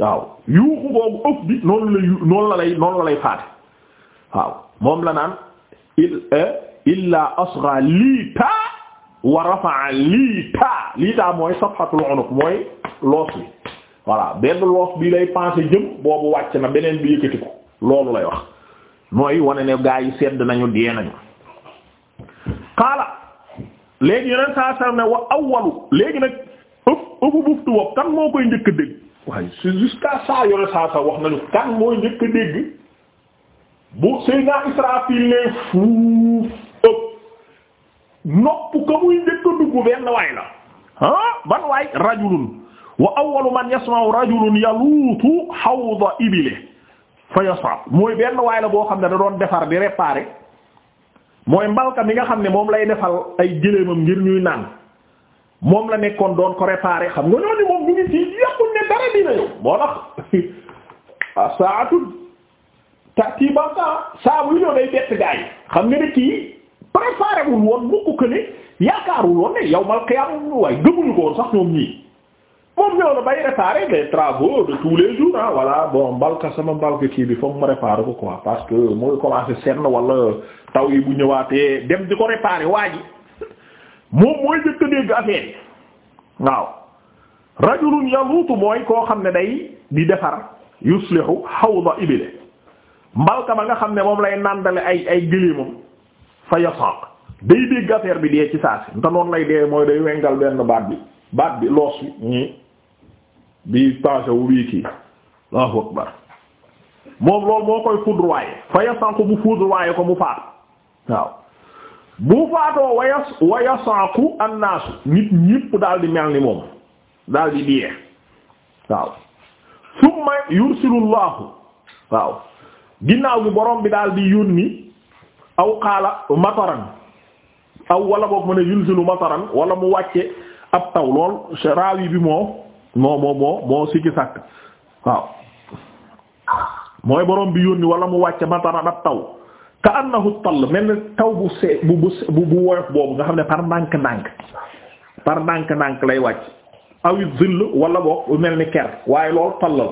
waaw yuuxu boobu ëpp bi noonu lay noonu la lay faate waaw moom la naan il eh, illa asra liita wa rafa'a liita liita mooy safhatul unuq mooy loos bi voilà benn loos bi lay pensé jëm boobu wàcc na beneen bi yëkkati ko loolu lay wax mooy wane ne gaa yi sedd nañu dee nañu xaala léegi yeneen saa saa ne wa awwalu léegi nag ëpp ëpp buftu kan moo koy njëkk dégg waaye c'est jusqu'à ça yore saa sa wax nañu kan mooy njëkk dégg bu Seydina Israfil ne fuuf nopp ka muy njëkk a benn waay la ah ban waay rajulun wa awwalu man yasma'u rajulun yaluutu hawda ibile fa yasa mooy benn waay la boo xam ne da doon defar di réparer mooy mbalka mi nga xam ne moom lay defal ay gëléemam ngir ñuy naan moom la nekkoon doon ko réparer xam nga ñooñu moom ñu ngi ci yàquñ ne dara dina yow moo tax saatu tati banqa saa buy ñëw day bett gaa yi xam nga ne kii préparé wul woon mukk que yaakaarul woon ne yow mal xiyam waaye gëmuñu ko woon sax ñoom ñii moom ñëw na bay réparer les travaux de tous les jours ah voilà mbalka sama mbalka kii bi foog ma réparer ko quoi parce que mooy commencé senn wala taw yi bu ñëwaatee dem di ko réparer waa ji moom mooy jëkk dégg affaire yi waaw rajulun yaluutu mooy koo xam ne day di defar yuslihu hawda ibile mbalka ba nga xam ne moom lay nàndale ay ay gëléemam fa yasaq day dégg affaire bi dee ci saa si nte noonu lay dee mooy day wengal benn baat bi baat bi loos bi ñii bi passé wu wii kii Allahu moom loolu moo koy foudroyer fa yasaq mu foudroyer ko mu faat waaw bu faatoo wayas wayasaaku annaasu nit ñépp daal mel ni moom daal di diyee waaw summa yursilullahu waaw ginnaaw gi borom bi daal di yónni aw xaala mataran aw wala boog mu ne yursilu mataran wala mu wàcce ab taw lool raawi bi moo moo moo moo moo waaw mooy borom bi yónni wala mu wàcce mataran ab taw ka annahu tall mel ni taw bu see bu bu bu woyof boobu nga xam ne par ndànk-ndànk par ndànk-ndànk lay wàcc awit zill wala boog mel ni ker waaye loolu tall la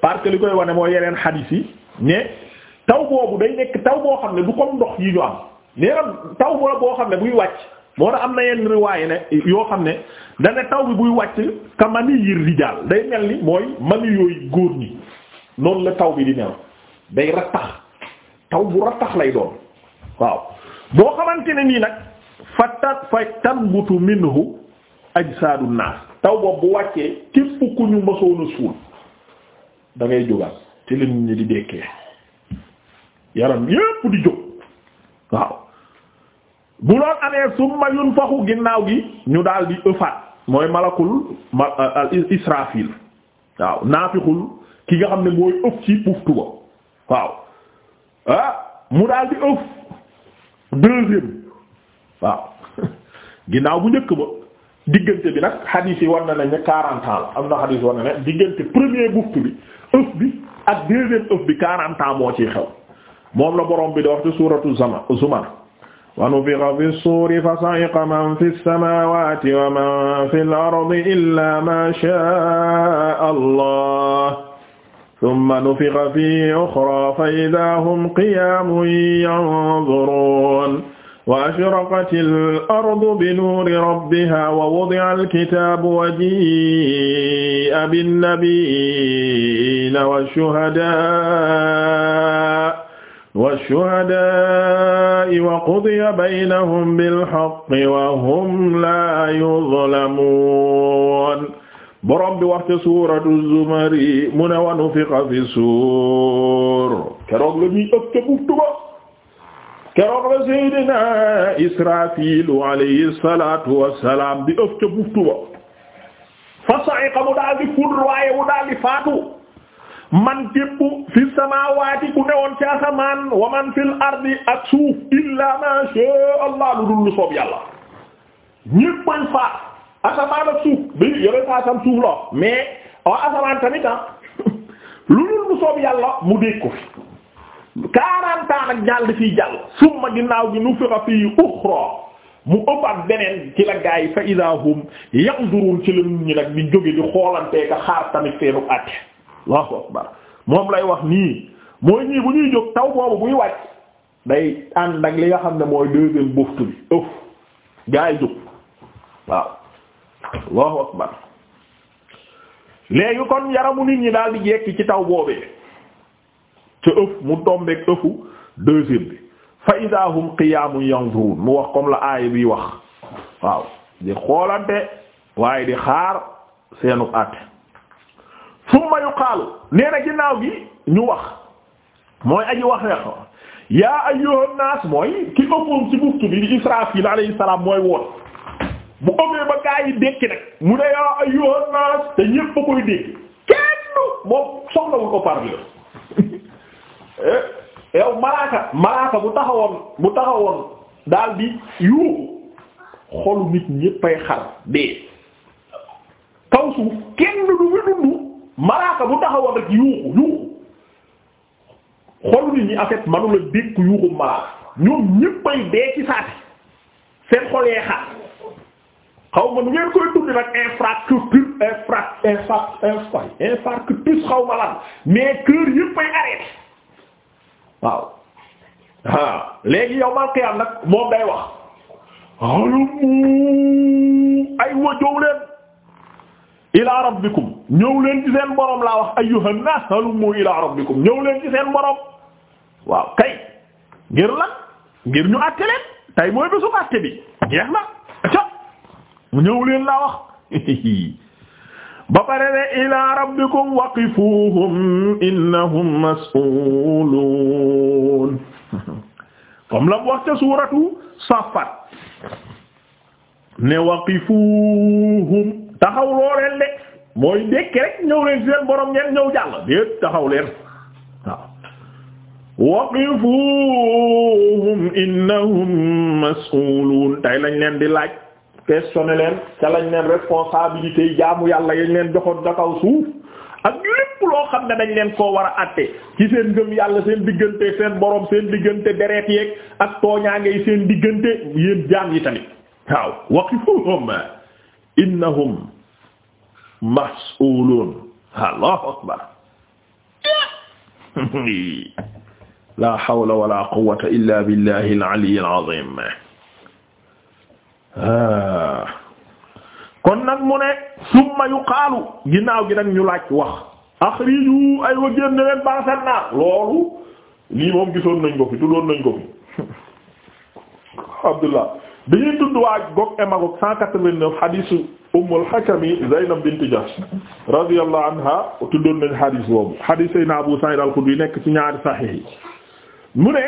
parce li koy wane mooy yeneen xadiis yi ne taw boobu day nekk taw boo xam ne du comme ndox yi ñu am nee taw boobu boo xam ne buy wàcc moo tax am na yenn riwaay ne yoo xam ne dana taw bi buy wàcc ka mani yi rijaal day mel ni mooy mani yooyu góor ñi noonu la taw bi di mel day rattax taw bu rattax lay doon waaw boo xamante ne nii nag fatta fa tanbutu minhu ajsaadu naas taw boobu bu wàccee képp ku ñu mësoon suul da jógaat ci la ñi di dekkee yaram yépp di jóg waaw bu lool amee summa yunfaxu ginnaaw gi ñu daldi di ëfaat mooy malakul ma israfil waaw naafixul ki nga xam ne mooy ëpp ci puftu ba waaw ah mu daal di ëf deuxième waaw ginnaaw bu njëkk ba diggante bi nag xadiis yi war na nañ ne quarante ans la am na xadiis war na ne diggante premier buftu bi ëf bi ak deuxième ëf bi quarante ans moo ciy xew moom la borom bi da wax ci suuratu zama zumar wa nufixa fi suuri fa sa'iqa man fi samaawaati wa man fil ardi illaa maa shaa allah summa nufixa fii uxraa fa idaa hum qiyaamun yanzuruun wa ashraqatil ardu binuuri rabbihaa wa wudi'al kitaabu wa jii'a binnabiyyiina wash-shuhadaa'i wash-shuhadaa'i wa qudiya baynahum bil haqqi wa hum laa yuzlamuun borom bi wax ca suuratu zumari mu ne wa nufixa fi suur keroog la ñuy ëpp ca buftu ba keroog la seydina israfilu alayhi salatu wassalam di fa sa'iqa mu daal di ful waaye mu daal di faatu man képp fi samaawaati ku newoon ci asamaan wa man fil ardi ak illa ma sha Allah lu dul lu soob yàlla ñépp ay faat asamaan ak suuf bi yore saa suuf la mais waaw asamaan tamit ah lu dul mu soob yàlla mu dégg ko fi quarante ans ak ñaar dafiy jàll summa ginnaaw gi nufixa fii uxra mu ëppaat beneen ci la gaa yi fa idahum yanzurun ci la nit ñi nag di jóge di xoolantee ka xaar tamit seenu àtte allahu akbar moom lay wax nii mooy ñii bu ñuy jóg taw boobu buy wàcc day ànd ak li nga xam ne mooy deuxième boftu bi ëf gaa yi jóg waaw allahu akbar léegi kon yaramu nit ñi daal di jekki ci taw boobee ca ëf mu tombeek ëfu deuxième bi fa idaa hum qiyaamun wax comme la aaya bi wax waaw di xoolante waaye di xaar seenu àtte summa yuqaalu nee na ginnaaw gi ñu wax mooy aji wax ne yaa ayyuhan naas mooy ki ëppoon ci buftu bi di Israafil alayhi salaam mooy woon bu ëmbee ba gaa yi dékki nag mu ne yaa ayyuhan naas te ñépp ba koy dégg kenn moom soxlawul ko parler eh, yow malaaka malaaka bu taxawoon bu taxawoon daal di yuuxu xolu nit ñéppay xar dee kaw suuf kenn du fi dund malaaka bu taxawoon rek yuuxu yuuxu xolu nit ñi en fait manu dékk yuuxu malaaka ñoom ñéppay dee ci saati seen xol yee xar xaw ma nu ngeen koy tudd nag infrastructure infra infra infra infrastructure xaw ma lan mais kër yëpp ay arrêté waaw. ah léegi yow maa xiyaam nag moom wax alum ay wa jow leen ila rabbikum ñëw leen ci seen borom laa wax ayyuhan nas alumu ila rabbikum ñëw leen ci seen borom waaw kay ngir lan ngir ñu àtte leen tey mooy bésu àtte bi ñëw leen la wax ba pare ne ila rabbikum waqifuhum innahum mas'ulun comme la wax ca suuratu safat ne waqifuhum taxaw loo de mooy dekki rek ñëw leen ci seen borom ñeen ñëw jàll déet taxaw leen waaw waqifuhum innahum mas'ulun tay lañ leen di laaj questionné leen ca lañ leen responsabilité yi jaamu yàlla yañ leen joxoon ca kaw suuf ak lépp loo xam ne dañ leen koo war a àtte ci seen ngëm yàlla seen diggante seen borom seen diggante deret yeeg ak tooñaange yi seen diggante yéen jaam yi tamit waaw waqifuhum innahum mas'ulun allahu akbar la hawla wala quwwata illa billahi al-ali al Ah. kon nag mu ne summa yuqaalu ginnaaw gi nag ñu laaj wax axriju ay wa génne leen basan naar loolu lii moom gisoon nañ ko fi tuddoon nañ ko fi Abdullah bi ñuy tudd waa Gog et Magog 189 hadisu Ummul Hakami Zaynab bint Jahsh radiyallahu anha tuddoon nañ hadis boobu hadis Seydina Abu Sa'id al-Khudri nekk ci ñaari sahih yi mu ne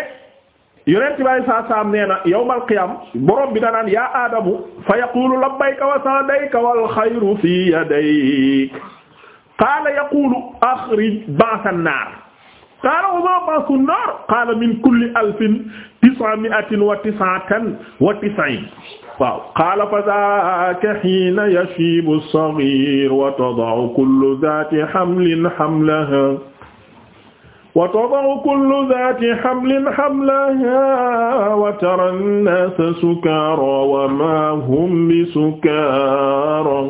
yonent bi saa saam nee na yawmal qiyaam borom bi danaan yaa aadamu fa yaqulu labbayka wa sa'dayka wal xayru fi yadayk qaala yaqulu axrij ba'sa naar qaala wa maa ba'su naar qaala min kulli alfin tis'ami'atin wa tis'atan wa tis'iin waaw qaala fa zaaka hiina yashiibu as-saghiir wa tada'u kullu zaati hamlin hamlahaa wa tada'u kullu zaati hamlin hamlaha wa tara an-naasa sukaaraa wa maa hum bisukaaraa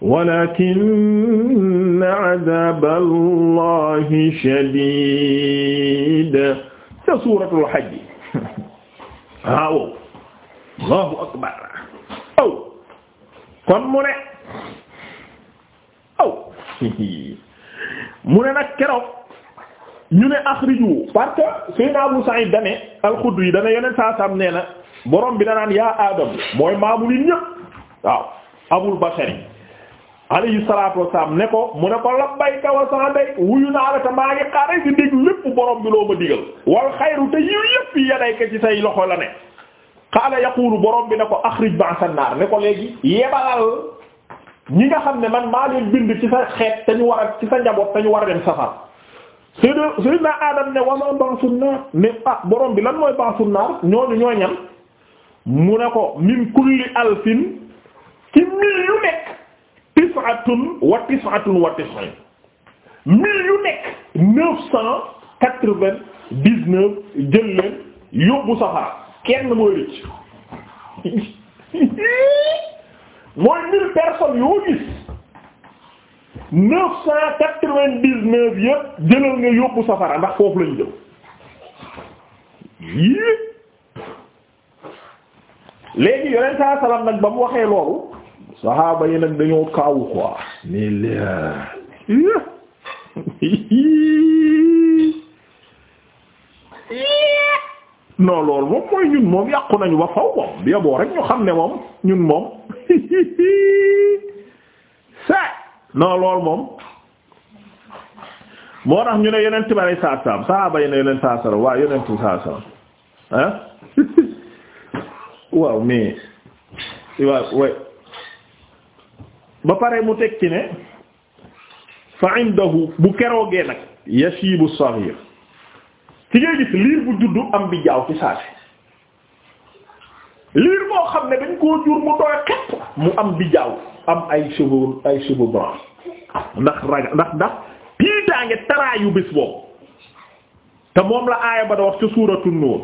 walaakinna 'azaaba Allaahi shadiid ca suuratul Hajj waaw Allaahu akbar aw kon mu ne aw mu ne nag keroog ñu ne axriju parce que Seydina Abu Sa'id dane al-Xudri dane yeneen saa saam nee na borom bi na naan yaa Adam mooy maamu yi ñëpp waaw Abul Bashari alayhi salaatu wasalaam ne ko mu ne ko labbayka wa sa'dayka wuyu naa la te maa ngi xaaral di dégg lépp borom bi loo ma digal wal te yiw yëpp yadayka ci say loxo la ne. qaala yaqulu borom bi ne ko axrij ba'sa naar ne ko léegi yebalal ñi nga xam ne man maa leen bind ci sa xeet te ñu war a ñu war a dem safar. Seydina Adam ne wama baasu naar ne ah borom bi lan mooy baasu naar ñooñu ñoo ñam mu ne ko min kulli alfin ci mil yu nekk tis'atun wa tis'atun wa tis'in mil yu nekk neuf cent quatre vingt dix jël leen yóbbu safara kenn mooy rëcc mooy mille personnes yoo gis neuf cent quatre-vingt-dix-neuf jëlal nga yóbbu safara ndax foofu lañu jëm léegi yoneen saa salaam nag ba mu waxee loolu saxaaba yi nag dañoo kaawu quoi nii la loolu moom mooy ñun moom yàqu nañu ba faw moom yoboo rek ñu xam ne moom ñun moom sa non loolu moom moo tax ñu ne yeneen tibaraayu saa saam saaba yi ne yeneen saa saam waaw yeneen saa saam ah waaw mais waaw way ba pare mu teg ci ne fa indahu bu keroogee nag yashibu saghir ci ngay gis liir bu juddu am bi jaaw ci saasi liir boo xam ne dañ koo jur mu doy xepp mu am bi am ay cheveux ay cheveux blancs ndax ragal ndax ndax tiitaange taraayu bis boobu te moom la aaya ba da wax ci suuratu nuur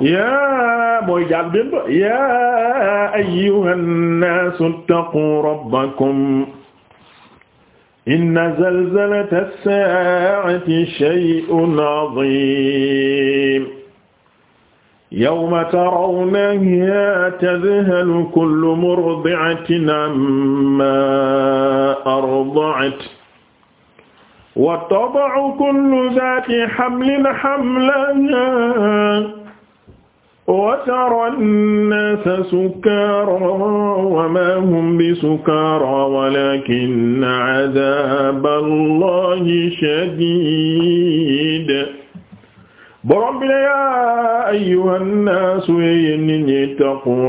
yaa mooy jaal benn ba yaa ayyuhan naasu ittaqu rabbakum inna zalzalata as-saa'ati shay'un 'azim yawma tarawnahaa tadhalu kullu murdi'atin ammaa arda'at wa tada'u kullu dhaati hamlin hamlahaa wa taraa an-naasa sukaaraa wa maa hum bisukaaraa walaakinna 'adhaaba Allaahi shadiid borom bi ne yaa ayyuhan naas yéen nit ñi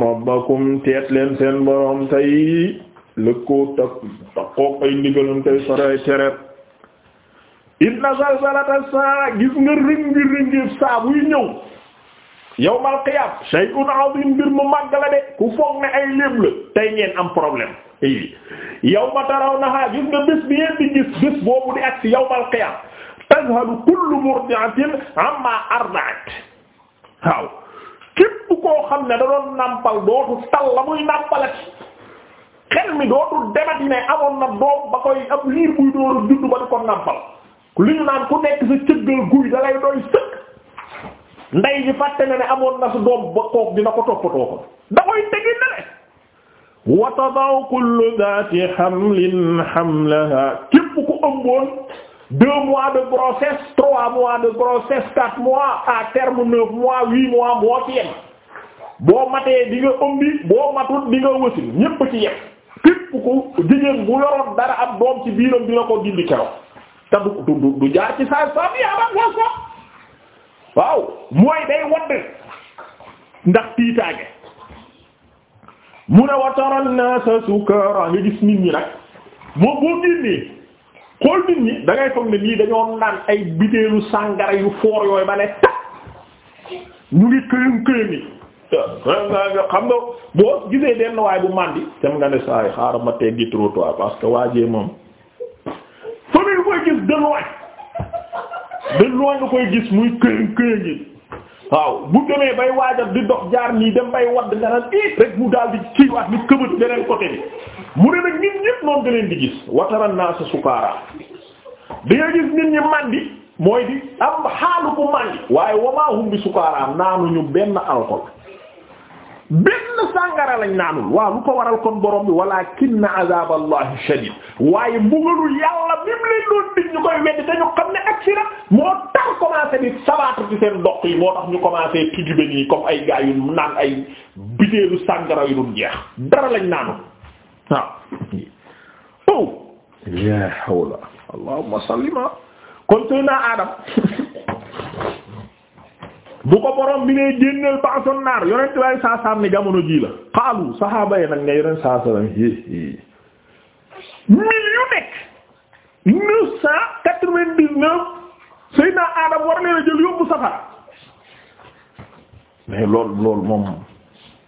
rabbakum teet leen seen borom tey takkook ay ndigalam tey soray tereet inna zalzalata saa gis nga rëngi saa buy ñëw yawmal qiyaam shay'un azim mbir mu màgg la ku foog ne ay léeb la tey ngeen am problème yawma tarawnaha gis nga bés bi ngeen gis bés boobu di agsi yawmal qiyaam tazhalu kullu murdi'atin amma arda'at waaw képp koo xam ne da doon nàmpal dootu tal la muy nàmpalati xel mi dootul demati ne amoon na doom ba koy ab liir buy dooru juddu ba di ko nàmpal li ñu naan ku nekk sa cëggal guy da lay doy ndey ji fàtte na ne amoon na sa doom ba kook dina ko toppatoo ko da koy tegi nele wa tada'u kullu dhati hamlin hamlaha képp ku ëmboon deux mois de grossesse trois mois de grossesse quatre mois à terme neuf mois huit mois moo ci boo matee di ëmbi boo matul di wësin ñépp ci yem képp ku jigéen bu yoroon dara am doom ci biiram dina ko dindi keroog te du du jaar ci saa saa bi yaa ba waaw mooy day wadd ndax tiitaage mu ne wa tara an-naasa sukaaraa nga gis nit ñi nag moom boo génnee xool nit ñi da ngay dañoo naan ay bideelu sàngara yu foor yooyu ba ne ñu ngi këyam këyam yi xam nga boo gisee denn waay bu màndi tam nga ne saay xaaral ma teggi trottoir parce que waajee moom famille koy gis de loin nga koy gis muy këyam këyam yi waaw bu demee bay waajal di dox jaar nii dem bay wadd nga naan it rek mu daal di kiiwaat ni këbët beneen côté bi mu ne nag nit ñëpp noonu nga di gis wataran naa sa sukaara di nga gis nit ñi mandi mooy di am xaalu bu mandi waaye wamaahum bi sukaaraam ñu benn alcool benn sàngara lañ naanul waaw lu ko waral kon borom bi walakinna azaballahi shadid waaye mbugalu yàlla mim leen doon dig ñu koy weddi dañu xam ne ak si na moo tax commencé di sabaatu ci seen doq moo tax ñu commencé tujube nii comme ay gaa yu naan ay bideelu sàngara yu dul jeex dara lañ naanul waaw oh la hawla allahumma sallima kon sëy adam bu ko borom bi ne génneel baason naar yonent baay saasaam ni jamono ji la xaalu saxaaba yi nag nga yonent saasaam hé hé mille yu nekk Adam war leen a jël yóbbu safara mais loolu moom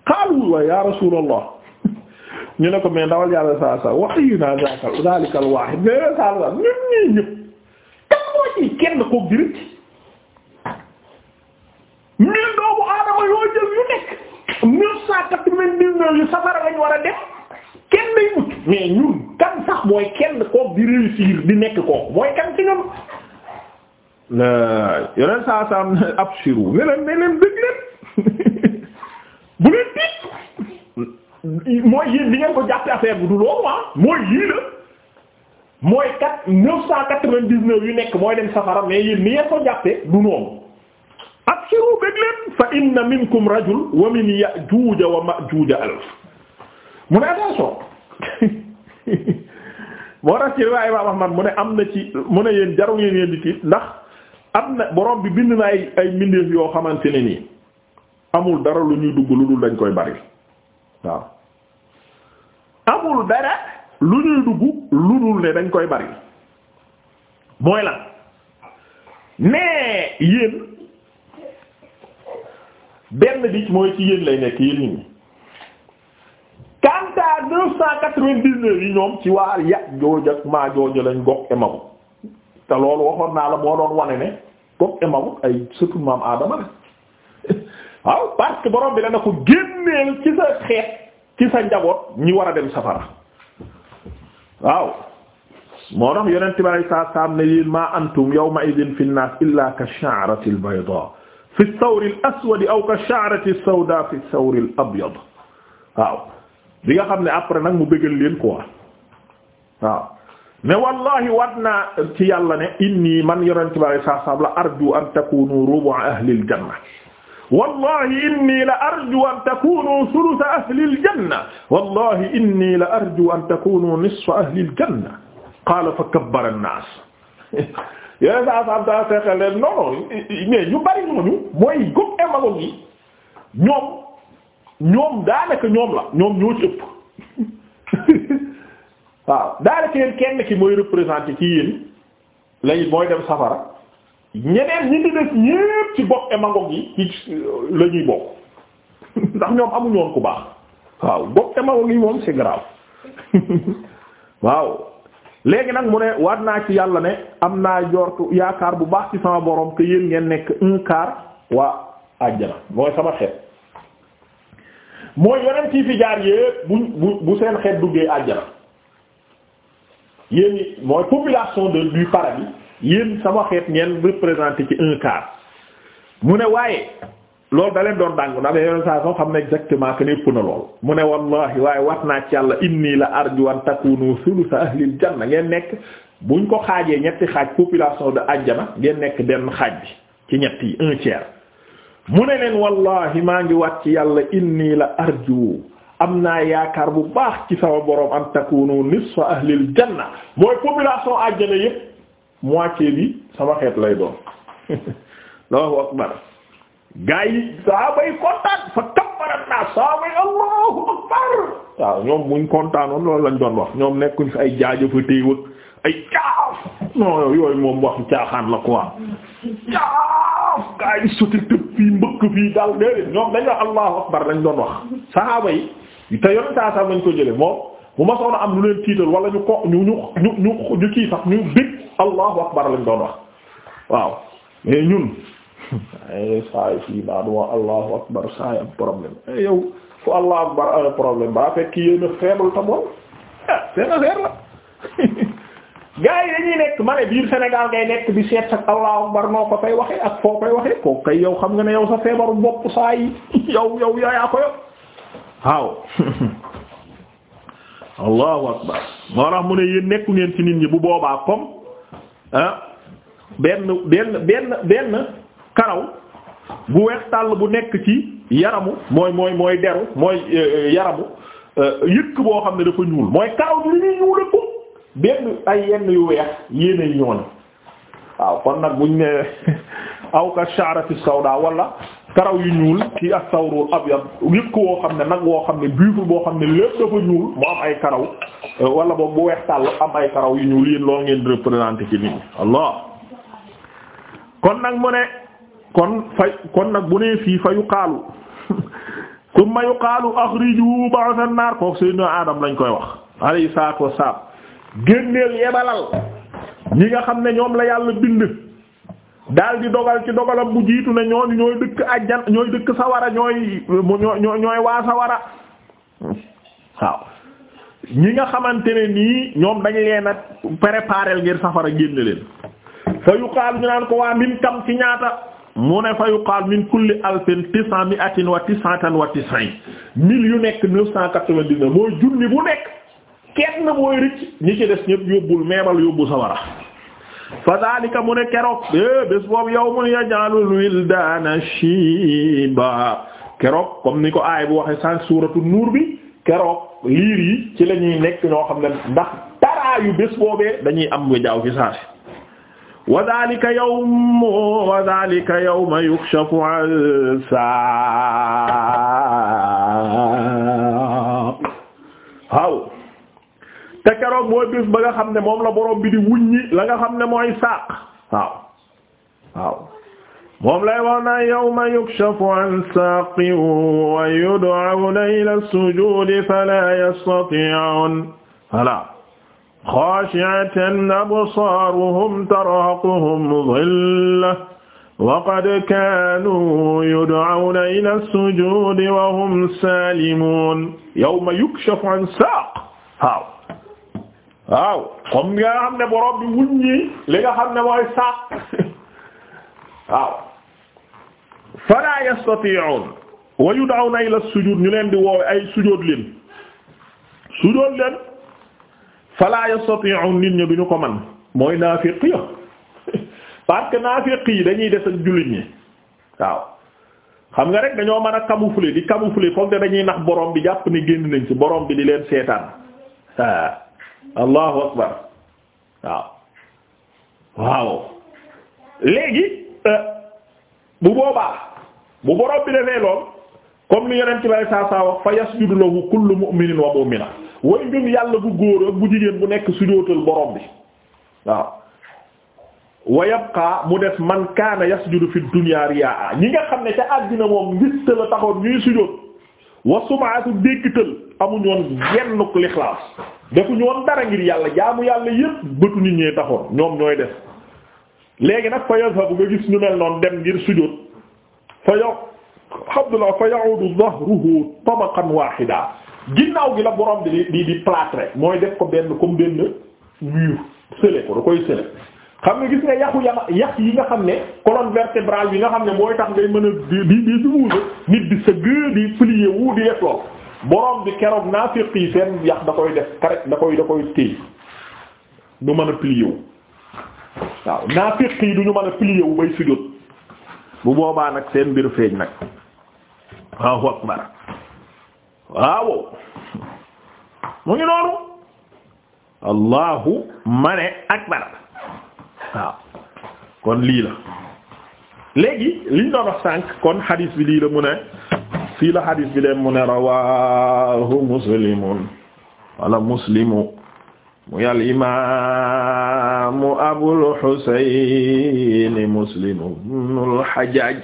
xaalu waaye yaa rasuulallah ñu ne ko mais ndawal yàlla saa saa naa zaakal zaalikal waaxid mais saa saa ñun ñii ñëpp tam moo kenn ko giriti mille doomu aadama yoo jël yu nekk mille cent quatre vingt yu safara lañ war a kenn day mucc mais ñun kan sax mooy kenn kook di réussir di nekk kook mooy kan ci ñun yeneen saa saa am abshiru ne leen ne leen bëgg leen bu leen tiit mooy yéen di ngeen ko jàppe affaire bu du loolu ah mooy yii la mooy quatre neuf cent quatre vingt yu nekk mooy dem safara mais yéen ni ngeen ko jàppe du noonu bashiru bég leen fa inna minkum rajul wa min ya'juuja wa ma'juuja alf mu ne attention moo tax ci riwaaya Imaam Ahmad mu ne am na ci mu ne yéen jaru ngeen yéen di tiit ndax am na borom bi bind na ay ay mbindeef yoo xamante ne nii amul dara lu ñuy dugg lu dul dañ koy bari waaw amul dara lu ñuy dugg lu dul ne dañ koy bari mooy lan mais yéen benn bi mooy ci yéen lay nekk yéen nit ñi quant à neuf cent yi ñoom ci waa ya jooj ak maa joojo lañ gox Emmaout te loolu waxoon naa la moo doon wane ne gox Emmaout ay surtout maam Adama la waaw parce que borom bi la ne ko génneel ci sa xeet ci sa njaboot ñi war a dem safara waaw moo tax yonent bi sallallahu alayhi ne yéen maa antum yawma idin fi an illa ka ash-sha'rati al fi sawri aswadi aw ka sha'rati sawda fi sawri abyad waaw bi nga xam ne après nag mu bëggal leen quoi waaw mais wallahi waat naa ci yàlla ne inni man yonent bi alayhi salaam la arju an takunu rubu ahli aljanna wallahi inni la arju an takunu thuluth ahli aljanna wallahi inni la arju an takunu nisfa ahli aljanna qala fa kabbara an-nas yeneen saa saa daa fexe leen non non ñu bari ñooñu mooy groupe émagogue yi ñoom ñoom daanaka ñoom la ñoom ñoo ci ëpp waaw daanaka yéen kenn ki mooy représenté ci yéen lañu mooy dem safara ñeneen ci groupe émagogue yi ci euh, bokk ndax ñoom amuñu woon ku baax waaw groupe émagogue yi moom c'est grave waaw. léegi nag mu ne waat naa ci yàlla ne am naa jortu yaakaar bu baax ci sama boroom que yéen ngeen nekk un quart waa àjjana mooy sama xeet mooy yeneen kii fi jaar yépp bu bu bu seen xeet duggee àjjana yéen mooy population de du paradis yéen sama xeet ngeen représenté ci un quart mu ne waaye. loolu da leen doon dàngu ndax yeneen saa soo xam ne exactement que ne ëpp na lool mu ne wallahi waaye wat naa ci yàlla inni la arju an takunu thulutha ahlil janna ngeen nekk buñ ko xaajee ñetti xaaj population de ajjana ngeen nekk benn xaaj bi ci ñetti un tiers mu ne leen wallahi maa ngi wat ci yàlla inni la arju am naa yaakaar bu baax ci sama borom an takunu nisfa ahlil janna mooy population àjjana yépp moitié bi sama xeet lay doon Allahu akbar gaa yi saaba yi kontaan fa kabbara naa saaba yi allahu akbar waaw ñoom muñ kontaanoon loolu lañ doon wax ñoom nekkuñ fi ay jaajëfa téewag ay caaf non yooyu moom wax caaxaan la quoi caaf gaa yi sotti tëb fii mbëkk fii daal déedéet ñoom dañ wax allahu akbar lañ doon wax saaba yi te yoon saa saa lañ ko jële moom bu ma soxla am lu leen tiital wala ñu ko ñu ñu ñu ñu kii sax ñu bég allahu akbar lañ doon wax waaw mais ñun ay saay fii baa duma allahu akbar saay problème eh, yow fu allahu akbar am problème baa fekk yéena faible ta moom eh, seen affaire la gars yi dañuy nekk ma biir Sénégal ngay nekk bi seet ak allahu akbar noo ko fay waxee ak foo koy waxee kooku kay yow xam nga ne yow sa feebaru bopp saa yi yow yow ko yow waaw allahu akbar moo tax mu ne yéen nekku ngeen ci nit ñi bu boobaa comme ah, benn benn benn benn karaw bu weex tàll bu nekk ci yaramu mooy mooy mooy deru mooy euh, yaramu euh, yëkk boo xam ne dafa ñuul mooy karaw bi li ñuy ñuule ko benn ay yenn yu weex yéenay ñoone waaw kon nag buñ ne aw ka sha'rati sawda wala karaw yu ñuul ci ak as ab yam yëkk woo xam ne nag woo xam ne buiful boo xam ne lépp dafa ñuul mu am ay karaw euh, wala boobu bu weex tàll am ay karaw yu ñuul yéen lool ngeen représenté ci nit ñi Allah kon nag mu ne kon fay kon nag bu nee fii fa yuqaalu summa yuqaalu axriju ba'san naar kook sayyidina Adam lañ koy wax alayhi salaatu wassalaam génneel yebalal ñi nga xam ne ñoom la yàlla bind daal di dogal ci dogalam bu jiitu ne ñooñu ñooy dëkk ajjan ñooy dëkk sawara ñooy ñooy waa sawara waaw ñi nga xamante ne nii ñoom dañ leen a préparer ngir safara génne leen fa ñu naan ko waa min kam ci ñaata mu ne fa yuqaal min kulli alfin tis'a mi'atin wa tis'atan wa tis'in yu nekk neuf cent quatre-vingt-dix-neuf mooy junni bu nekk kenn mooy rëcc ñi ci des ñëpp yóbbul meebal yóbbu sawara fa daalika mu ne keroog eh, bés boobu yawmun yaj'alul wildaana shiiba keroog comme ni ko aay bu waxee sànq suuratu nuur bi keroog liir yi ci la ñuy nekk ñoo xam ne ndax taraayu bés boobee dañuy am wejaaw ci saasi wa dhalika yawm wa dhalika yawma yukshafu an saaq waaw te keroog mooy bés ba nga xam ne moom la borom bi di wuññi la nga xam ne mooy saaq waaw waaw moom lay wax naa yawma yukshafu an saaqin wa yud'awna ila sujudi fala yastati'un voilà xaashi'atan absaaruhum tarhaquhum dhillah wa qad kaanuu yud'awna ila sujuudi wa hum saalimuun yawma yukshafu an saaq waaw waaw comme nga xam ne borom bi wuññi li nga xam ne mooy saaq waaw falaa yastatii'uun wa yud'awna ila sujuud ñu leen di woowe ay sujood leen sujood leen fala yastati'un nit ñi duñu ko man mooy naafiq ya parce que naafiq yi dañuy des ak jullit ñi waaw xam nga rek dañoo mën a camoufler di camoufler foog de dañuy nax boroom bi jàpp ne génn nañ ci borom bi di leen seetaan ah allahu akbar waaw waaw léegi euh, bu boobaa bu borom bi defee lool comme ni yonent bi sallallahu alayhi wa wax fa yasjudu lahu kullu mu'minin wa mu'mina way ngëm yàlla bu góor ak bu jigéen bu nekk sujjóotal borom bi waaw wa yabqa mu def man kaana yasjudu fi dunya riyaa ñi nga xam ne ca àddina moom ngista la taxoon ñuy sujjóot wa sumaatu déggtal amuñoon gennuk lixlaas defuñu woon dara ngir yàlla jaamu yàlla yépp bëtu nit ñee taxoon ñoom ñooy def léegi nag fa yazhabu nga gis ñu mel noonu dem ngir sujjóot fa yow Abdullah fa ya'udu dhahruhu tabaqan wahida ginnaaw gi la boroom bi di di plâtre mooy def ko benn comme benn mur sële ko da koy sële xam nga gis nga yaxu yama yax yi nga xam ne colonne vertébrale bi nga xam ne mooy tax ngay mën a di di di wuuse nit di sëgg di plier wu di def lool borom bi keroog naafiq yi seen yax da koy def kare da koy da koy téye du mën a plier wu waaw naafiq yi du ñu mën a plier wu bay sujjóot bu boobaa nag seen mbir feeñ nag waaw akbar waaw mu ngi noonu allahu mane akbar kon lii la léegi liñ doon wax sànq kon hadith bi lii la mu ne fii la hadith bi leen mu ne rawahu muslimun wala muslimu muy al imaamu abul husayn muslim ibnul hajjaj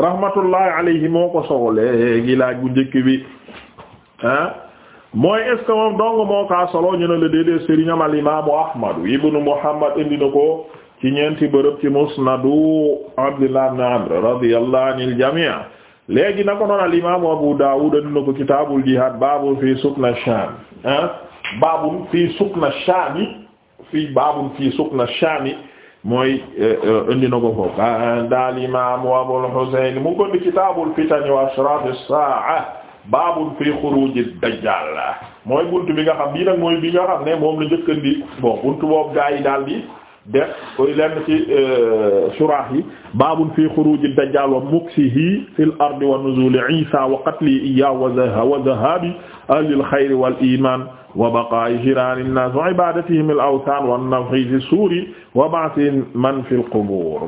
rahmatullahi alayhi moo ko soxla léegi laaj bu njëkk bi ah mooy est ce dong moo kaa solo ñu ne la déedéet al imaamu Ahmadu ibnu Muhammad indi na ko ci ñeenti bërëb ci musnadu Abdullah ibn Amr radiyallahu anil jamii léegi na ko noon al imaamu Abu Dawud indi na ko kitaabul jihaad baabun fii sukna Shaam ah baabun fii sukna Shaami fii baabun fii sukna Shaami mooy eh, indi na ko foofu daal imaamu Abul Husayn mu ko di kitaabul fitani wa ashraf as-saa'a baabul fi xuruji dajjal mooy bunt bi nga xam bii nag mooy bi nga xam ne moom la njëkkandi bon bunt boobu gaa yi daal di def koy lenn ci euh, surah yi baabul fi xuruji dajjal wa muksihi fil ardi wa nuzuli isa wa qatli iyyahu wa dhahabi ahlil xayri wal iman wa baqaa'i jiraani nnaas wa ibaadatihim al awsaan wa nafxi fi suuri wa ba'thi man fil qubuur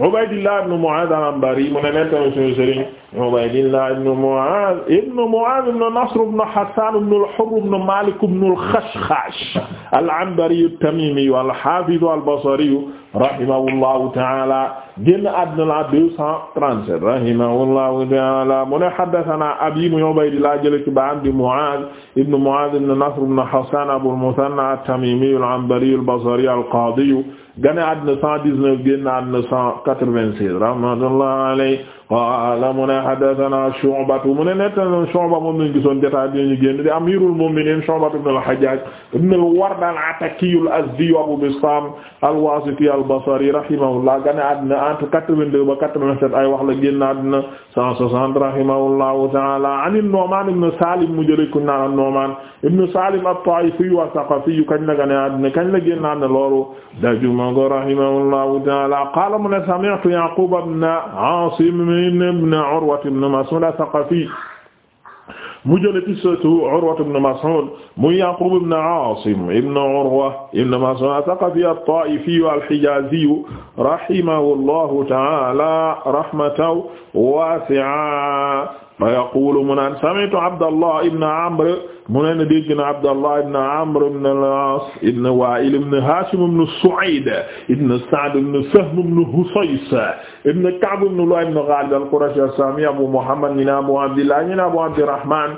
Ubaydillah ibn Mu'aaz al-Anbari mu ne nettali suñu sëriñ Ubaydillah ibn Mu'aaz ibn Mu'aaz ibn Nasr ibn Hassaan ibn al-Hurr ibn Maalik ibn al-Khashkhaash al-Anbari at-Tamiimi al-Haafiz al-Basri rahimahullahu taala génn àdduna la deux cent trente-sept rahimahullahu taala mu ne haddathana abi mu Ubaydillah jële ci baam di Mu'aaz ibn Mu'aaz ibn Nasr ibn Hassaan Abul Muthanna at-Tamiimi al-Anbari al-Basri al-Qaadi génn àdduna cent dix-neuf génn àdduna cent quatre-vingt-six rahmatullahi alayhi qaala mu ne haddathana Shu'batu mu ne nettana Shu'ba moom lañ gisoon jotaay bi ñu génn di amirul mu'minin Shu'batu ibn al-Hajjaj ibn al-Ward al-Ataki al-Azdi Abu Bistam al-Wasiti al-Basri rahimahullah gane àddina entre quatre-vingt-deux ba quatre-vingt-sept ay wax la génn àddina cent soixante rahimahullahu ta'ala an an-Nu'man ibn Salim mu jële ko naan an-Nu'man ibn Salim at-Ta'ifi wa-Saqafi kañ la gane àddina kañ la génn àddina loolu dajuma ko rahimahullahu ta'ala qaala mu ne sami'tu Ya'qub ibn 'Asim ibn Urwa ibn Mas'ud Ath-Thaqafi mu jële ci surtout Urwa ibn Mas'ud muy Yaqub ibn Asim ibn Urwa ibn Mas'ud Ath-Thaqafi At-Ta'ifi Al-Hijazi rahimahullahu ta'ala rahmatan wasi'a ma yaqulu mu naan sami'tu Abdallah ibn Amr mu ne dégg na Abdallah ibn Amr ibn al-As ibn Wa'il ibn Hashim ibn Su'ayd ibn Sa'd ibn Sahm ibn Husays ibn Ka'b ibn Lu'ay ibn Ghalib al-Qurashi as-Sami Abu Muhammad ñi ne Abu Abdillah ñi ne Abu Abdirrahman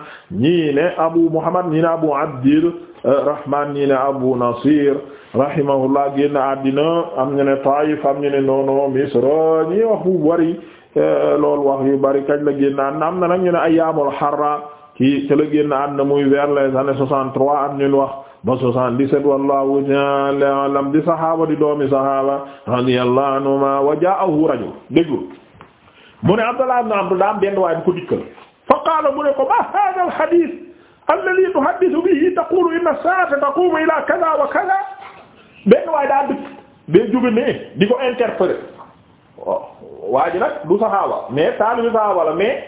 ñi ne Abu Muhammad ñi ne Abu Abdirrahman ñi ne Abu Nasir rahimahullah génn àddina am ñu ne Taif am ñu ne noono Misr ñi wax bu bari loolu wax yu bari kañ la génn àddina am na nag ñu ne ayyaamul harra ci ca la génn muy vers les années 63 am ñun wax ba 77 wallahu ta'ala alam di sahaaba di doomi sahaaba radiyallahu anhuma wa ja'ahu rajul déglu mu ne Abdullah ibn Amr daam benn waay bu ko dikkal fa qaala mu ne ko ma hadha al hadith alladhi tuhaddithu bihi taqulu inna as-saa'ata taqumu ila kadha wa kadha benn waay daa dëkk day jóge ne di ko interpréter waa ji nag du saxaaba mais taalibi saxaaba la mais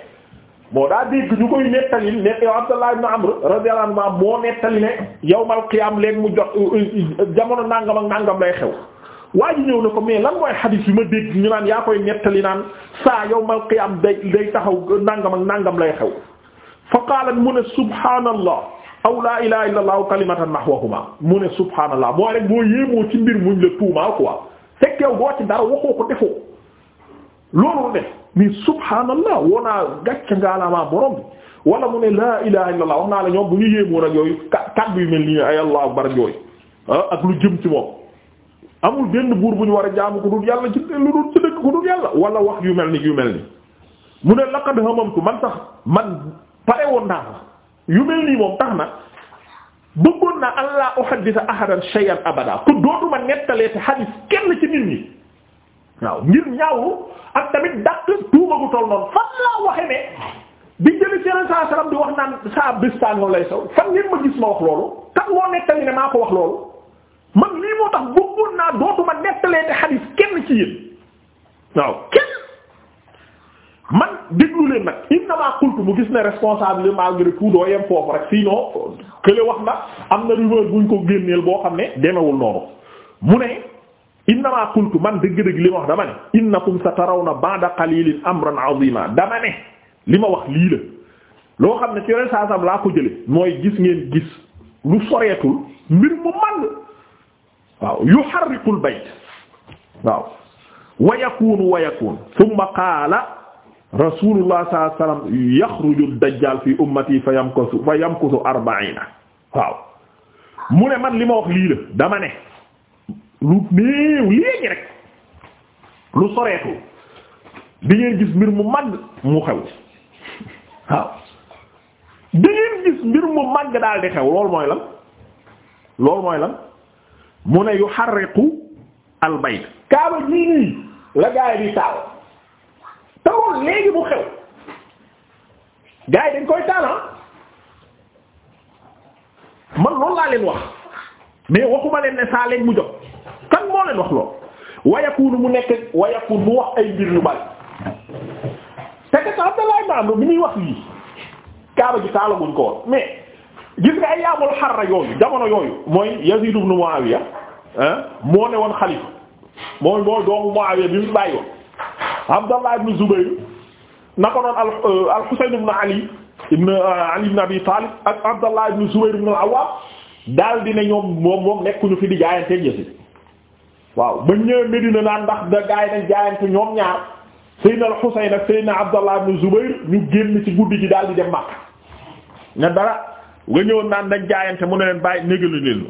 moo daa dégg ñu koy nettali ne yow Abdallah ibn Amr radiyallahu anhu moo nettali ne yawmal qiyaam léegi mu jox jamono nangam ak nangam lay xew waa ji ñëw na ko mais lan mooy xadiis bi ma dégg ñu naan yaa koy nettali naan saa yawmal qiyaam day day taxaw nangam ak nangam lay xew fa qaala mu ne subhaanallah aw laa ilaaha illallah kalimatan nahwahuma mu ne subhaanallah mooy rek boo yéemoo ci mbir muñ la tuumaa loolu mu def mais subhaanallah wonaa gàcca ngaalaama borom bi wala mu ne laa ilaha illallah wax naa la ñoom bu ñu yéemoon ak yooyu kàddu yu mel nii ay allahu akbar yooyu ah, ak lu jëm ci moom amul benn buur bu ñu war a jaamu ko dul yàlla ci lu dul ci dëkk ku dul yàlla wala wax yu mel ni yu mel ni mu ne laqad hamamtu man sax man pare woon naa sax yu mel nii moom tax na bëggoon naa allah uhaddisa ahadan shay'an abada ku dootuma nettalee te hadith kenn ci waaw ngir ñaawu ak tamit dàq tuuma toll noonu fan laa waxe ne di jëli ci saa salaam di wax naan saa bés tàngoor lay saw fan ngeen ma gis ma wax loolu kat moo nettali ne maa ko wax loolu man lii moo tax bëggoon naa dootuma nettalee te xadis kenn ci yéen waaw kenn man déglu leen nag innama qultu mu gis ne responsable malgré tout doo yem foofu rek sinon kële wax na am na rumeur buñ ko génneel boo xam ne demewul noonu mu ne. innama qultu man dëgg-dëgg li ma wax dama ne innakum satarawna ba'da qalilin amran azima dama ne li ma wax lii la loo xam ne ci yore saasam laa ko jële mooy gis ngeen gis lu soreetul mbir mu màll waaw yuharriqul bayt waaw wa yakunu wa yakunu thumma qaala rasulullah sallallahu alayhi wasallam yaxruju dajjal fi ummati fa yamkusu fa yamkusu arbaina waaw mu ne man li ma wax lii la dama ne lu néew léegi rek lu soreetul di ngeen gis mbir mu màgg mu xew waaw di ngeen gis mbir mu màgg daal di xew loolu mooy lan loolu mooy lan mu ne yu xarriqu al bayt kaaba jii nii la gaay di taal tawoon léegi mu xew gaay dañ koy taala ah man loolu laa leen wax mais waxuma leen ne saa leen mu jot moo leen wax lool wayakunu mu nekk wayakun mu wax ay mbir yu bari te kat Abdallah ibn Amr bi ñuy wax lii kaaba ji taalaguñ ko woon mais gis nga ay yaamul yooyu jamono yooyu mooy Yazid ibn Muawiya moo ne woon xalifa mooy mooy doomu Muawiya mu bàyyi woon Abdallah ibn Zubayr na ko noon al euh, al-Husayn ibn Ali ibn euh, Ali al-Awwam daal di ne ñoom moom moom nekkuñu fi di jaayante waaw ba ñëwee Medina naan ndax da gaay ñoom ñaar Seydina al-Husayn ak Seydina Abdallah ibn Zubayr ñu génn ci guddi gi daal di dem Makka ne dara nga ñëwoon naan da jaayante mu ne leen bàyyi négalu leen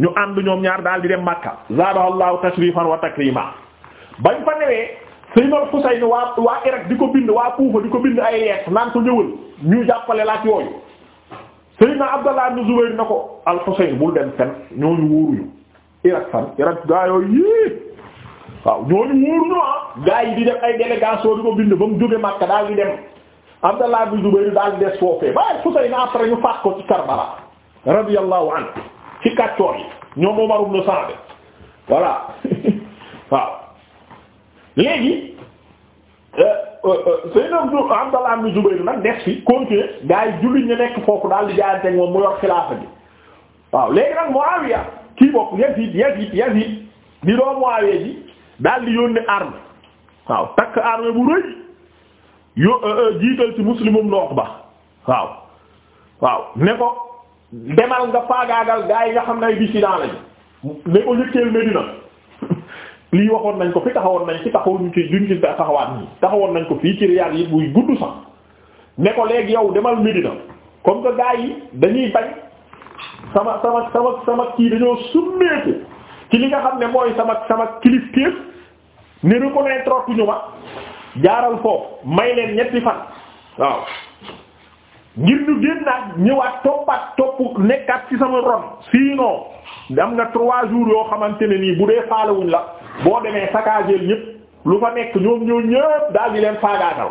ñu ànd ñoom ñaar daal di dem Makka zaadahullahu tashrifan wa takrima bañ fa newee Seydina al waa waa Irak di ko bind waa Kufa di ko bind ay yees naan ko ñëwal ñu jàppale laaj yooyu Seydina Abdallah ibn Zubayr na ko al-Husayn bul dem fen Irak fan Irak gaa yii waaw ñooñu wóoru ñu ah gaa yi di def ay délégation di ko bind ba mu jóge Makka daal di dem Abdallah ibn Zubayr daal di des foofee waaye Husayna après ñu faat ko ci Karbala radiyallahu anhu ci kàccoor yi ñoom Umar ibn Sa'd voilà waaw léegi euh, euh, euh, Seydina Abdallah ibn Zubayr nag des fi continuer gaa yi ñu nekk foofu daal di jaayante moom mu yor xilaafa bi waaw léegi nag Muawiya kii bopp Yazid Yazid Yazid di doomu waawee ji daal di yónni arme waaw takk arme bu rëy yo euh, euh, jiital ci muslimum noox ba waaw waaw ne ko demal nga faagaagal gaa yi nga xam naa ay dissidents lañu ne ko njëkkeel Medina lii waxoon nañ ko fi taxawoon nañ ci taxawoon ñu ci duñ ci taxawaat nii taxawoon nañ ko fii ci riyaad yi buy gudd sax ne ko léegi yow demal Medina comme que gaa yi dañuy bañ sama sama sama sama kii dañoo summeeku ci li nga xam ne mooy sama sama kilifteef ne reconnaître tuñu ma jaaral foofu may leen ñetti fan waaw ngir ñu génnaat ñëwaat toppaat topp nekkaat ci sama ron sinon am na trois jours yoo xamante ne nii bu dee faalewuñ la boo demee sakaajeel ñépp lu fa nekk ñoom ñoo ñépp daal di leen faagaatal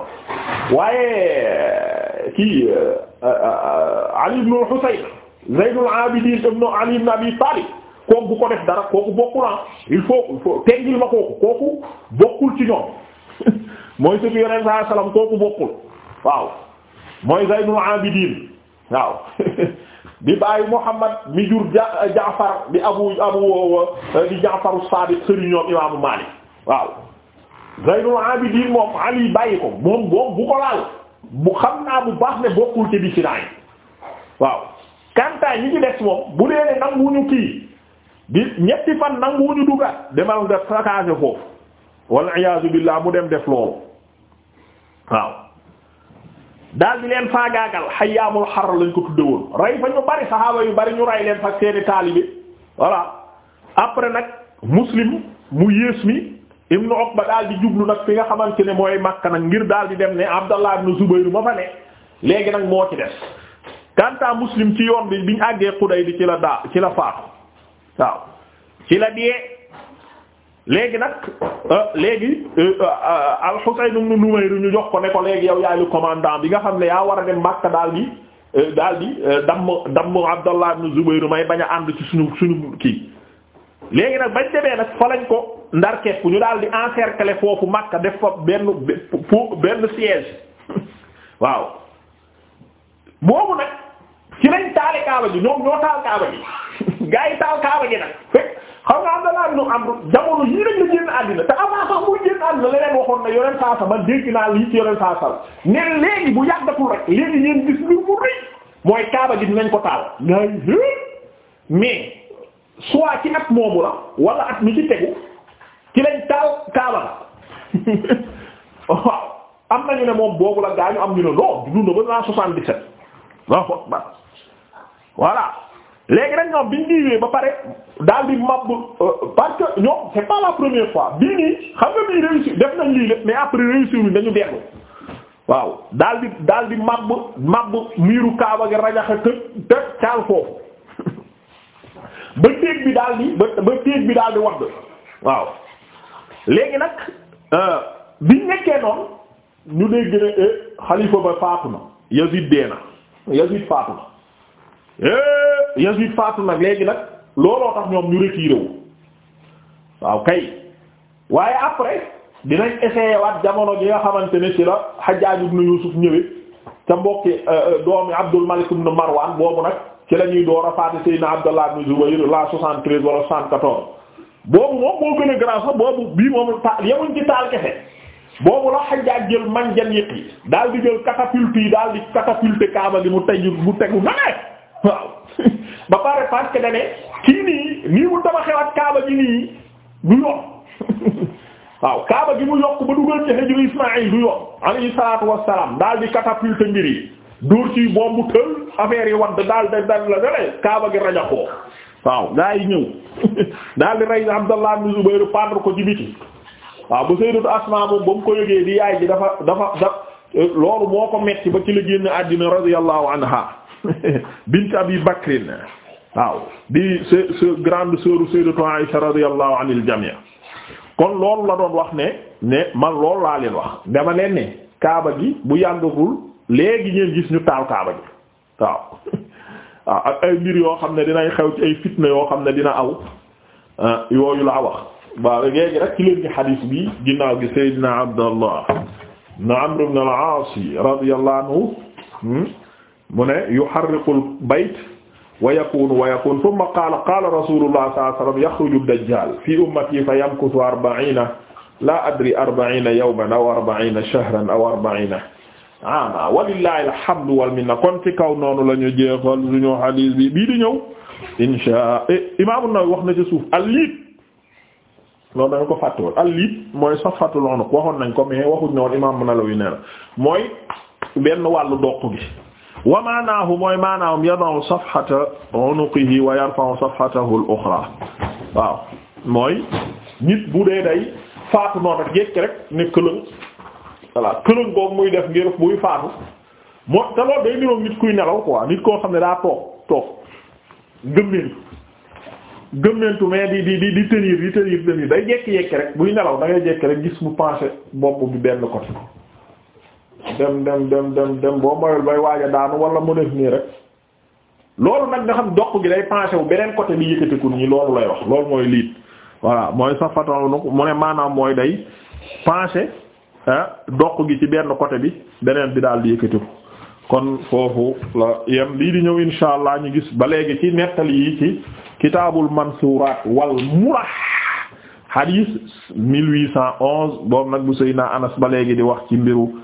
waaye kii euh, euh, euh, Ali ibn Husayn Zaynul Abidin ibn Ali ibn Abi Talib kooku bu ko def dara kooku bokkul ah il faut il faut teggil ma kooku kooku bokkul ci ñoom mooy sëñ yeneen saa salaam kooku bokkul waaw mooy Zaynul Abidin waaw di bàyyi Muhammad mi jur ja euh, Jaafar di abu abu euh, di Jaafaru Saadiq sëriñ ñoom imaamu Maalik waaw Zaynul Abidin moom Ali bàyyi ko moom moom bu ko laal bu xam naa bu baax ne bokkul ci bi ci naay waaw. kantaay ñi ci des moom bu dee ne nanguwuñu kii di ñetti fan nanguwuñu dugaat demal nga sakaase foofu wal iyaazu billaah mu dem def loolu waaw daal di leen faagaagal xayyaamul xar lañ ko tudde woon rey fa ñu bari saxaaba yu bari ñu rey leen fa seeni taalibe voilà après nag muslim mu yées mi ibnu Uqba daal di jublu nag fi nga xamante ne mooy Makka nag ngir daal di dem ne Abdallah ibn Zubayr ma fa ne léegi nag moo ci des kanta muslim ci yoon bi biñ àggee xuday di ci la daa ci la faatu waaw ci la dee léegi nag euh, léegi euh, euh, al-Husayn ibn Numayr ñu jox ko ne ko léegi yow yaay lu commandant bi nga xam ne yaa war a dem Makka daal di daal di damm damm Abdallah ibn Zubayr may bañ a ànd ci suñu suñu kii léegi nag bañ demee nag fa ko ndar kepp ñu daal di encercler foofu Makka def fa benn benn siège waaw boobu nag ci lañ taale kaaba ji ñoom ñoo taal kaaba ji gaa yi taal kaaba ji nag fekk xam nga Abdallah ibn Amr jamono yii lañ la génn àddina te avant sax muy génn àddina leen waxoon na yoreen saa man dégg naa lii ci yoreen saa sa léegi bu yàggatul rek léegi yéen gis lu mu rëy mooy kaaba ji dinañ ko taal ngay mais soit ci at moomu la wala at mi ci tegu ci lañ taal kaaba waaw am nañu ne moom boobu la gaa ñu am ñu ne non dund ba naa soixante-dix-sept voilà léegi nag ñoom biñ diwee ba pare daal di mab euh, parce que ñoom c'est la première fois bii nii xam nga bii réussir def nañ lii lépp mais après réussir ñu dañu dellu waaw daal di daal di mab mab miiru Kaaba gi rajaxe të të caal foofu ba téeg bi daal di ba ba bi daal di waaw léegi nag euh, biñ nekkee noonu ñu dégg ne eh, xalifa ba faatu na dee na Yazid faatu Eh, Yazid faatu nag léegi nag looloo tax ñoom ñu retiré wu waaw kay waaye après dinañ essayer waat jamono gi nga xamante ne ci la Hajjaj ibn Yusuf ñëwee ca mbokki euh, euh, doomi Abdul Malik ibn Marwan boobu nag ci la ñuy door a faati Seydina Abdallah ibn Zubayr la 73 wala 74 boobu moom moo gën a grand sax boobu bii moom ta yemuñ ci taal kese boobu la Hajjaj jël manjan yëpp yi daal di jël catapulte yi daal di catapulter Kaaba gi mu tegu mu tegu waaw ba pare parce que dane kii nii nii mu dama xewaat kaaba gi nii du yoon waaw kaaba gi mu yokk ba dugal ci hijru Ismaïl du yoon alayhi salaatu wassalaam daal di catapulte mbir yi dóor ci bombu tël affaire yi wadd daal da dal la dale kaaba gi rajaxoo waaw gaa ñëw daal di rey Abdallah ibn Zubayr pendre ko ci biti waaw ba Sayyidatu Asma ba mu ko yëgee di yaay ji dafa dafa da loolu moo ko metti ba ci la génn àddina radiyallahu anha bint Abi Bakrin waaw di sa sa grande sœur sayyidatu Aïsha radiyallahu anil jami' kon loolu la doon wax ne ne man loolu laa leen wax dama leen ne kaaba gi bu yàngagul léegi ngeen gis ñu taal kaaba gi waaw waaw ah, ak ay mbir yoo xam ne dinay xew ci ay fitna yoo xam ne dina aw ah, yooyu laa wax waaw léegi rek ci leen xadiis bi ginnaaw gi Seydina Abdallah ibn Amr ibn al-Aas anhu hmm? mu ne yuharriqul bayt wa yakun wa yakun thumma qaala qaala rasulullah sallallahu alayhi wasallam yakhruju ad-dajjal fi ummati fa yamkuthu arba'ina la adri arba'ina yawman aw arba'ina shahran aw arba'ina ama walillahi alhamdu wal minna kon ci kaw noonu la ñu jeexal suñu xadiis bi bii di ñëw insha eh, Imaam An-Nawawi wax na ci suuf al-liit loolu dañu ko fàtte woon al-liit mooy safhatul unuq waxoon nañ ko mais waxuñ ne woon Imaam An-Nawawi nee na mooy benn wàllu doq gi wa maanaahu mooy maanaam yada'u safhata unuqihi wa yarfa'u safhatahu al-ukhra waaw mooy nit bu dee day faatu noonu rek yëkk rek ne këlëng voilà këlëng boobu muy def ngir buy faatu moo te loolu day nit kuy nelaw quoi nit koo xam ne daa toog toog gëmmeentu gëmmeentu mais di di di di tenir di tenir tenir day jekki-jekki rek buy nelaw da ngay jekki rek gis mu penché bopp bi benn côté dem dem dem dem boo moyul bay waaja daanu wala mu def nii rek loolu nag nga xam doq gi day penché wu beneen côté bi yëkkatikul ñi loolu lay wax loolu mooy liit waa mooy sa faton nu mu ne maanaam mooy day penché doq gi ci benn côté bi beneen bi daal di yëkkatiku kon foofu la yem lii di ñëw insha allah ñu gis ba léegi ci nettali yi ci kitaabul mansuraat wal murah hadis 1811 boobu nag bu sëy naa anas ba léegi di wax ci mbiru